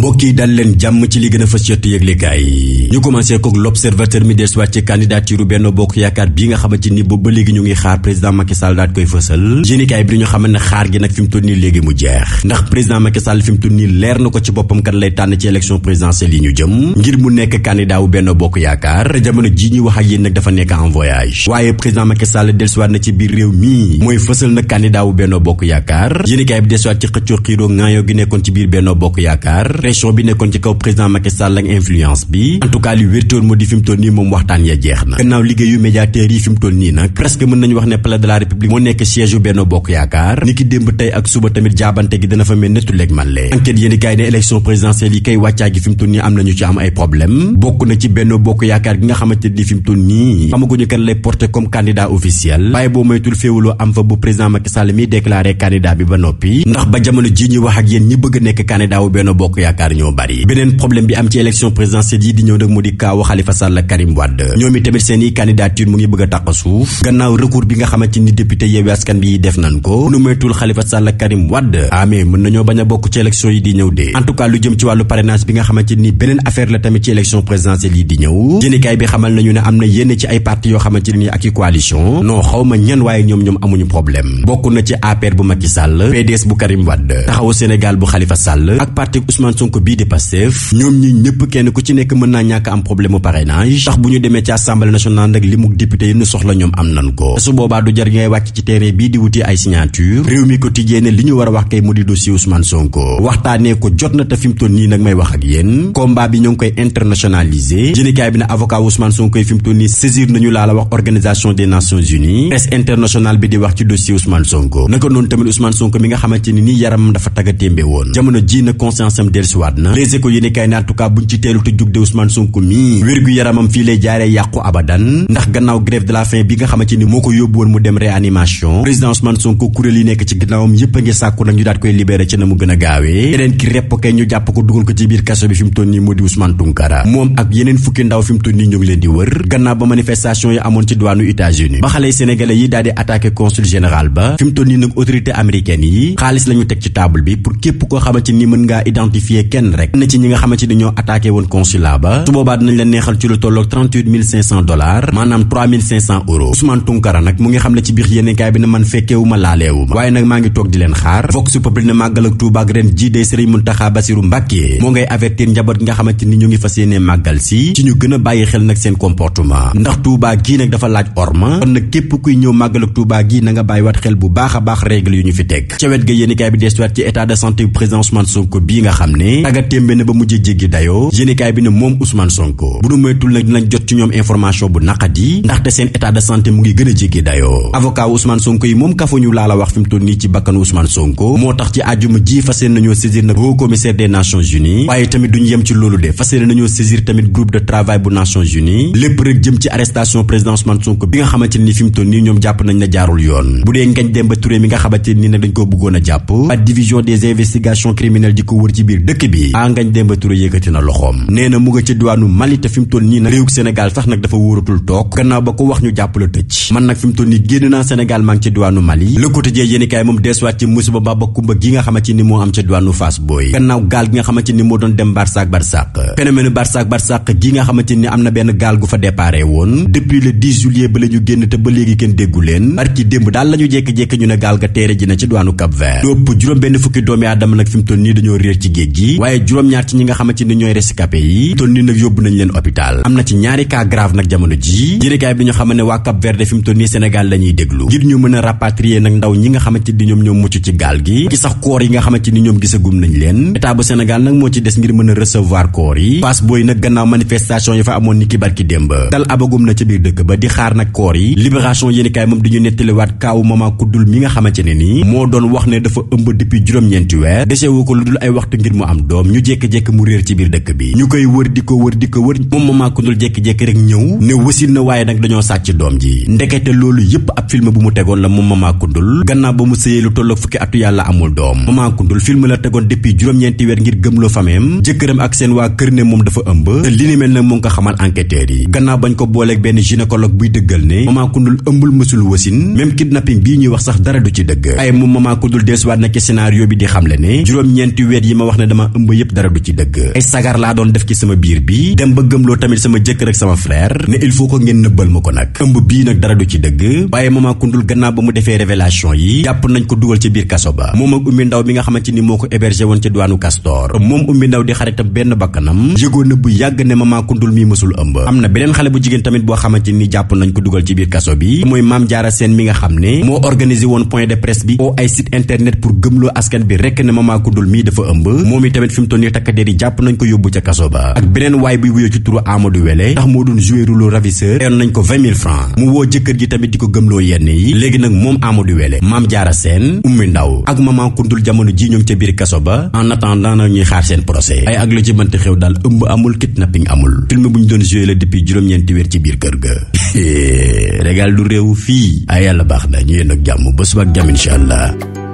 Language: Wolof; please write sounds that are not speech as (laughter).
mbokk yi dal leen jàmm ci li gën a fës ci yëglekaay yi ñu commencé kook l'observateur mi des ci candidature Benno Bokk Yaakaar bi nga xamante ni boobu ba léegi ñu ngi xaar président Macky Sall daat koy ne xaar gi nag fi mu toll nii léegi mu jeex ndax président Macky Sall fi mu toll nii leer na ko ci boppam kan lay tànn ci élection présidentielle yi ñu jëm ngir mu nekk candidat wu Benno Bokk Yaakaar jamono ji ñuy wax ak yéen nag dafa nekk en voyage waaye président Macky Sall dellusiwaat na ci biir réew mii mooy fësal na candidat wu Benno Bokk Yaakaar yéenekaay bi dellusiwaat ci xëccoo xiiroo ŋaayoo nekkoon ci biir Benno Bokk Yaakaar pression bi nekkoon ci kaw président Macky Sall ak influence bi en tout moo di fi toll nii moom waxtaan ya jeex na gannaaw liggéeyu médiateurs yi fi toll nii nag presque mën nañu wax ne palais de la république moo nekk siège yu Benno Bokk Yaakaar ni ki démb tey ak suba tamit jaabante gi dana fa mel nettu leeg man lee enquête yéen ne élection présidentielle yi kay wàccaa gi fi toll nii am nañu ci am ay problème bokk na ci Benno Bokk yaakaar ñoo bari beneen problème bi am ci élection présidentielle yi di ñëw nag mu di kaawu Khalifa Sall Karim Wade ñoom tamit seen i mu ngi bëgg a suuf gannaaw recours bi nga xamante ni député Yewwi Askan bi def nañ ko nu moytul Khalifa Sall Karim Wade amee ah mën nañoo bañ a bokk ci élection yi di ñëw de en lu jëm ci wàllu parrainage bi nga xamante ni beneen affaire la tamit ci élection présidentielle yi di ñëw jënikaay bi xamal nañu ne am na Sonko bii de Pastef ñoom ñi ñëpp kenn ku ci nekk mën naa ñàkk am problème mu parrainage tax bu ñu demee ci assemblée nationale nag li mu député yi ñu soxla ñoom am li ñu war a wax kay mu di dossier ko jot na te fi mu toll nii nag may wax ak yéen combat bi ñoo ngi koy internationalisé jënekaay bi ne avocat Ousmane Sonko yi fi wax organisation des nations bi di wax ci dossier Ousmane Sonko naka noonu tamit Ousmane Sonko mi nga xamante ni nii yaramam dafa taggatémbe woon jamono ji na conscience am dellusiwaat na Les Échos yéenekaay ne ci teelu te jug de Ousmane Sonko mi wér-gu-yaramam fii lay jaaree yàqu abadan ndax gannaaw grève de la faim bi nga xamante ni moo ko yóbbu mu dem réanimation président Ousmane Sonko kuréel yi nekk ci ginnaawam yépp a ngi sàkku nag ñu daat koy libéré ci na mu gën a gaawee yeneen ki repp kay ñu jàpp ko dugal ko ci biir kaso bi fi mu nii moo di Ousmane Tounkara moom ak yeneen fukki ndaw fi mu nii ñu ngi leen di wër citer kenn rek na ci ñi nga xamante ni ñoo attaqué woon consulat ba su boobaa dinañ leen neexal ci lu tolloog 38 500 dollars maanaam 3500 euros Tunkara nag mu ngi xam ne ci biir yéenekaay bi ne man fekkeewu ma laaleewu ma waaye nag maa ngi toog di leen xaar Vox Populi ne màggal ak Tuuba ak ren ji dee Serigne Mountakha Bassirou Mbacké ngay avertir njaboot gi nga xamante ni ñu ngi fa yéene màggal si ci ñu gën bàyyi xel nag seen comportement ndax Tuuba gii nag laaj orma kon nag kuy ñëw màggal ak Tuuba gii na nga bàyyiwaat xel bu baax a baax règle ñu fi teg wet ga yéenekaay bi deesuwaat ci état de santé président xam ne ne taga ba mujj jéggi dayoo yéenekaay bi ne moom Ousmane Sonko bu nu moytul nag dinañ jot ci ñoom information bu naqadi ndaxte seen état de santé mu ngi gën jéggi dayoo avocat Ousmane Sonko yi moom kafañu laa wax fi mu nii ci bakkanu Ousmane Sonko moo tax ci àjjuma ji fas nañoo saisir nag haut commissaire des Nations Unies waaye tamit duñu yem ci loolu de fas nañoo saisir tamit groupe de travail bu Nations Unies lépp rek jëm ci arrestation dëkk bi Ngagne Demba Touré yëkkati na loxoom nee na mu nga ca diwaanu Mali te fi mu toll nii nag réewug Sénégal sax nag dafa wóoratul toog gannaaw ba ko wax ñu jàppale tëj man nag fi mu nii génn naa Sénégal maa ci diwaanu Mali Le Quotidien yéenikaay moom deesuwaat ci musiba ba ba kumba gi nga xamante ni moo am ca diwaanu Fass Boy gannaaw gaal gi nga xamante ni moo doon dem Barsak Barsak phénomène Barsak Barsak gi nga xamante ni am na benn gaal gu fa waye juroom ñaar ci ñi nga xamante ni ñooy rescapé yi tonni nak yobbu nañ leen hôpital amna ci ñaari cas grave nak jamono ji yéenekaay bi ñu wa Cap Verde fim tonni senegal nii deglu. la déglu ngir ñu mëna rapatrier nak ndaw ñi nga xamante hamat ñom ñoo mucc ci gal gi ki sax koor yi nga xamanteni ñom ñoom gisagum nañ leen état bu Sénégal nak mo ci dess ngir mëna recevoir koor yi passe boy nak gannaaw manifestation yi ya fa amon niki barki demba dal abagum na ci biir dëkk ba di xaar nak koor yi libération yéenekaay mom di ñu kaawu mama kudul mi nga xamanteni ni mo doon wax ne dafa ëmb depuis ñenti wër déssé wu ko luddul ay waxtu ngir mu am am doom ñu jékki-jékki mu réer ci biir dëkk bi ñu koy wër di ko wër di ko wër moom Maman Coundoul jékki-jékki rek ñëw ne wasin na waaye nag dañoo sàcc doom ji ndekete loolu yépp ab film bu mu tegoon la moom Maman Coundoul gannaaw ba mu sëyee lu tolloog fukki atu yàlla amul doom Maman film la tegoon depuis juróom-ñeenti weer ngir gëmloo fameem jëkkëram ak seen waa kër ne moom dafa ëmb te li ni mel nag mu ngi xamal enquêteurs yi gannaaw bañ ko booleeg benn gynécologue buy dëggal ne Maman Coundoul ëmbul mësul wax sax dara du ci dëgg ay moom Maman weer yi ma wax ne dama ëmb yépp dara du ci dëgg ay sagar laa doon def ci sama biir bi dem ba gëmloo tamit sama jëkkër ak sama frère ne il faut ko ngeen nëbbal ma ko nag ëmb bii nag dara du ci dëgg waaye mama kundul gannaaw ba mu defee révélation yi jàpp nañ ko dugal ci biir kaso ba moom ak umbi ndaw mi nga xamante ni moo ko hébergé woon ci duwaanu Castor moom umbi ndaw di xaritam benn bakkanam yëgoon na bu yàgg ne mama kundul mi mësul ëmb am na beneen xale bu jigéen tamit boo xamante ni jàpp nañ ko dugal ci biir kaso bi mooy maam jaara seen mi nga xam ne moo organisé woon point de presse bi oo ay site internet pour gëmloo askan bi rekk ne mama kundul mii dafa bi tamit fi mu toll nii takk jàpp nañ ko yóbbu ca kaso ba ak beneen waay bi wuyoo ci turu Amadou Wele ndax moo doon joué rôle ravisseur teyoon nañ ko 20 000 francs mu woo jëkkër ji tamit di ko gëmloo yenn yi léegi nag moom Amadou Wele Maam Jaara Seen Ummi Ndaw ak Maman Kundul jamono ji ñoom ca biir kaso ba en attendant na ñuy xaar seen procès ay ak lu ci mënti xew daal ëmb amul kidnapping amul film bu ñu doon joué la depuis juróom-ñeenti weer ci biir kër ga (laughs) régal du réew fii yàlla baax na ñu yéen ak jàmm ba suba ak jàmm incha allah